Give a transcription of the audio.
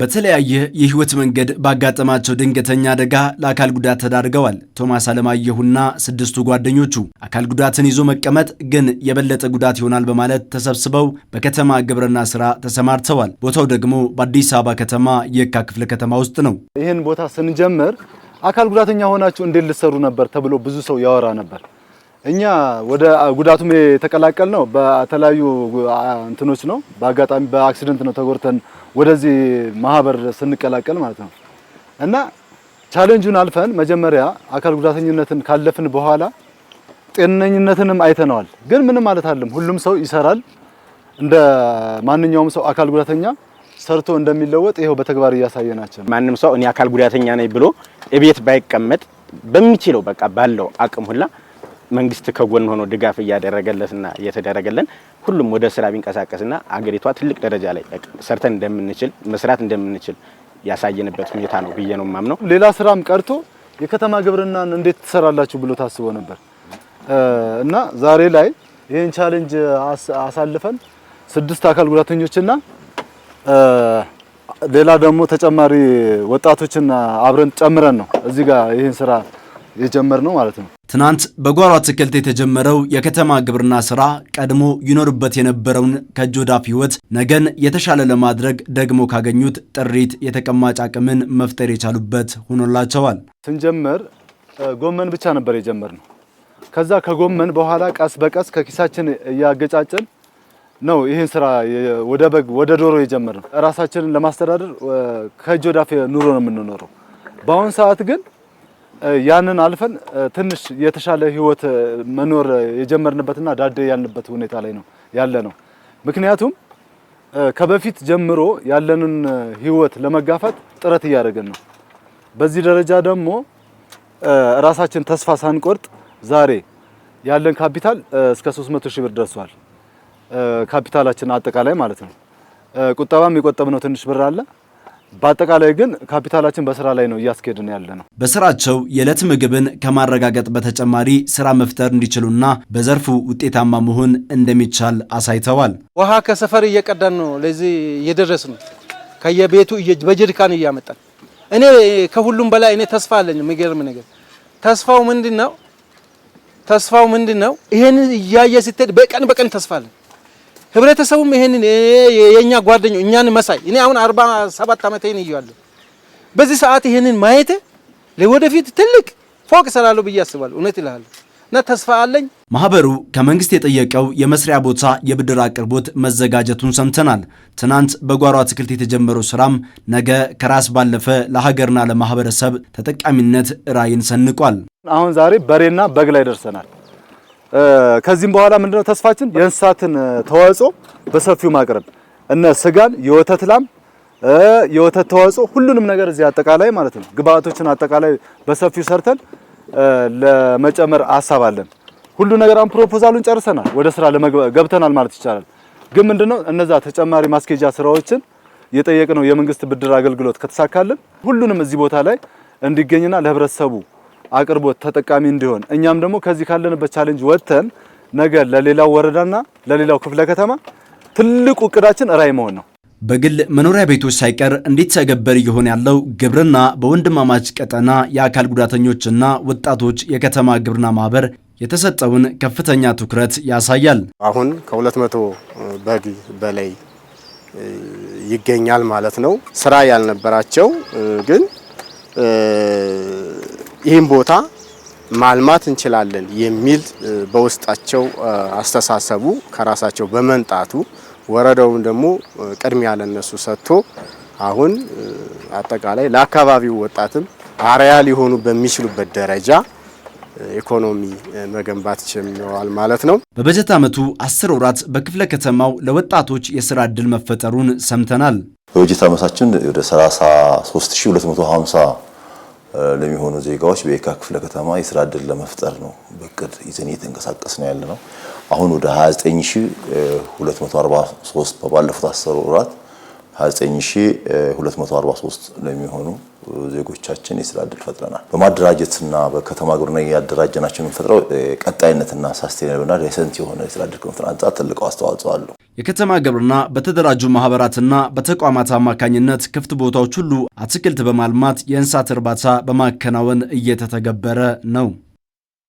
በተለያየ የህይወት መንገድ ባጋጠማቸው ድንገተኛ አደጋ ለአካል ጉዳት ተዳርገዋል ቶማስ አለማየሁና ስድስቱ ጓደኞቹ። አካል ጉዳትን ይዞ መቀመጥ ግን የበለጠ ጉዳት ይሆናል በማለት ተሰብስበው በከተማ ግብርና ስራ ተሰማርተዋል። ቦታው ደግሞ በአዲስ አበባ ከተማ የካ ክፍለ ከተማ ውስጥ ነው። ይህን ቦታ ስንጀምር አካል ጉዳተኛ ሆናችሁ እንዴት ልሰሩ ነበር ተብሎ ብዙ ሰው ያወራ ነበር። እኛ ወደ ጉዳቱም የተቀላቀል ነው በተለያዩ እንትኖች ነው። በአጋጣሚ በአክሲደንት ነው ተጎርተን ወደዚህ ማህበር ስንቀላቀል ማለት ነው። እና ቻሌንጁን አልፈን መጀመሪያ አካል ጉዳተኝነትን ካለፍን በኋላ ጤነኝነትንም አይተነዋል። ግን ምንም ማለት አለም ሁሉም ሰው ይሰራል። እንደ ማንኛውም ሰው አካል ጉዳተኛ ሰርቶ እንደሚለወጥ ይኸው በተግባር ናቸው። ማንም ሰው እኔ አካል ጉዳተኛ ነኝ ብሎ እቤት ባይቀመጥ በሚችለው በቃ ባለው አቅም ሁላ መንግስት ከጎን ሆኖ ድጋፍ እያደረገለትና እየተደረገለን ሁሉም ወደ ስራ ቢንቀሳቀስና አገሪቷ ትልቅ ደረጃ ላይ ሰርተን እንደምንችል መስራት እንደምንችል ያሳየንበት ሁኔታ ነው ብዬ ነው የማምነው። ሌላ ስራም ቀርቶ የከተማ ግብርናን እንዴት ትሰራላችሁ ብሎ ታስቦ ነበር እና ዛሬ ላይ ይህን ቻሌንጅ አሳልፈን ስድስት አካል ጉዳተኞችና ሌላ ደግሞ ተጨማሪ ወጣቶችን አብረን ጨምረን ነው እዚህ ጋር ይህን ስራ የጀመርነው ማለት ነው። ትናንት በጓሮ አትክልት የተጀመረው የከተማ ግብርና ስራ ቀድሞ ይኖርበት የነበረውን ከእጅ ህይወት ነገን የተሻለ ለማድረግ ደግሞ ካገኙት ጥሪት የተቀማጭ አቅምን መፍጠር የቻሉበት ሆኖላቸዋል። ስንጀምር ጎመን ብቻ ነበር የጀመርነው። ከዛ ከጎመን በኋላ ቀስ በቀስ ከኪሳችን እያገጫጭን ነው ይህን ስራ ወደ በግ ወደ ዶሮ የጀመርነው። ራሳችንን ለማስተዳደር ከእጅ ኑሮ ነው የምንኖረው። በአሁን ሰዓት ግን ያንን አልፈን ትንሽ የተሻለ ህይወት መኖር የጀመርንበትና ዳዴ ያልንበት ሁኔታ ላይ ነው ያለ ነው። ምክንያቱም ከበፊት ጀምሮ ያለንን ህይወት ለመጋፈጥ ጥረት እያደረግን ነው። በዚህ ደረጃ ደግሞ ራሳችን ተስፋ ሳንቆርጥ ዛሬ ያለን ካፒታል እስከ 300 ሺህ ብር ደርሷል። ካፒታላችን አጠቃላይ ማለት ነው። ቁጠባም የቆጠብነው ትንሽ ብር አለ በአጠቃላይ ግን ካፒታላችን በስራ ላይ ነው እያስኬድን ያለ ነው። በስራቸው የዕለት ምግብን ከማረጋገጥ በተጨማሪ ስራ መፍጠር እንዲችሉና በዘርፉ ውጤታማ መሆን እንደሚቻል አሳይተዋል። ውሃ ከሰፈር እየቀዳን ነው ለዚህ እየደረስ ነው። ከየቤቱ በጀሪካን እያመጣን እኔ ከሁሉም በላይ እኔ ተስፋ አለኝ። የሚገርም ነገር ተስፋው ምንድን ነው? ተስፋው ምንድን ነው? ይሄን እያየ ስትሄድ በቀን በቀን ተስፋ አለኝ። ህብረተሰቡም ይሄንን የኛ ጓደኞ እኛን መሳይ እኔ አሁን 47 ዓመት ይሄን ይያለሁ። በዚህ ሰዓት ይሄንን ማየት ለወደፊት ትልቅ ፎቅ እሰራለሁ ብዬ አስባለሁ። እውነት እልሃለሁ እና ተስፋ አለኝ። ማህበሩ ከመንግስት የጠየቀው የመስሪያ ቦታ የብድር አቅርቦት መዘጋጀቱን ሰምተናል። ትናንት በጓሮ አትክልት የተጀመረው ስራም ነገ ከራስ ባለፈ ለሀገርና ለማህበረሰብ ተጠቃሚነት ራዕይን ሰንቋል። አሁን ዛሬ በሬና በግ ላይ ደርሰናል። ከዚህም በኋላ ምንድነው ተስፋችን የእንስሳትን ተዋጽኦ በሰፊው ማቅረብ እነ ስጋን፣ የወተት ላም፣ የወተት ተዋጽኦ ሁሉንም ነገር እዚህ አጠቃላይ ማለት ነው ግብአቶችን አጠቃላይ በሰፊው ሰርተን ለመጨመር ሀሳብ አለን። ሁሉ ነገር አሁን ፕሮፖዛሉን ጨርሰናል፣ ወደ ስራ ገብተናል ማለት ይቻላል። ግን ምንድነው እነዛ ተጨማሪ ማስኬጃ ስራዎችን የጠየቅነው የመንግስት ብድር አገልግሎት ከተሳካልን ሁሉንም እዚህ ቦታ ላይ እንዲገኝና ለህብረተሰቡ አቅርቦት ተጠቃሚ እንዲሆን እኛም ደግሞ ከዚህ ካለንበት ቻሌንጅ ወጥተን ነገ ለሌላው ወረዳና ለሌላው ክፍለ ከተማ ትልቁ እቅዳችን ራዕይ መሆን ነው። በግል መኖሪያ ቤቶች ሳይቀር እንዲተገበር እየሆነ ያለው ግብርና በወንድማማች ቀጠና የአካል ጉዳተኞችና ወጣቶች የከተማ ግብርና ማህበር የተሰጠውን ከፍተኛ ትኩረት ያሳያል። አሁን ከ 200 በግ በላይ ይገኛል ማለት ነው። ስራ ያልነበራቸው ግን ይህም ቦታ ማልማት እንችላለን የሚል በውስጣቸው አስተሳሰቡ ከራሳቸው በመንጣቱ ወረዳውን ደግሞ ቅድሚያ ለነሱ ሰጥቶ አሁን አጠቃላይ ለአካባቢው ወጣትም አርያ ሊሆኑ በሚችሉበት ደረጃ ኢኮኖሚ መገንባት ችለዋል ማለት ነው። በበጀት ዓመቱ አስር ወራት በክፍለ ከተማው ለወጣቶች የስራ እድል መፈጠሩን ሰምተናል። በበጀት ዓመታችን ወደ 33250 ለሚሆኑ ዜጋዎች በየካ ክፍለ ከተማ የስራ እድል ለመፍጠር ነው በቅድ ይዘን እየተንቀሳቀስ ነው ያለ ነው። አሁን ወደ 29243 በባለፉት አስር ወራት 29243 ለሚሆኑ ዜጎቻችን የስራ እድል ፈጥረናል። በማደራጀትና በከተማ ግብርና እያደራጀናቸው የምንፈጥረው ቀጣይነትና ሳስቴናብልና ሬሰንት የሆነ የስራ እድል ከመፍጠር አንጻር ትልቅ አስተዋጽኦ አለው። የከተማ ግብርና በተደራጁ ማህበራትና በተቋማት አማካኝነት ክፍት ቦታዎች ሁሉ አትክልት በማልማት የእንስሳት እርባታ በማከናወን እየተተገበረ ነው።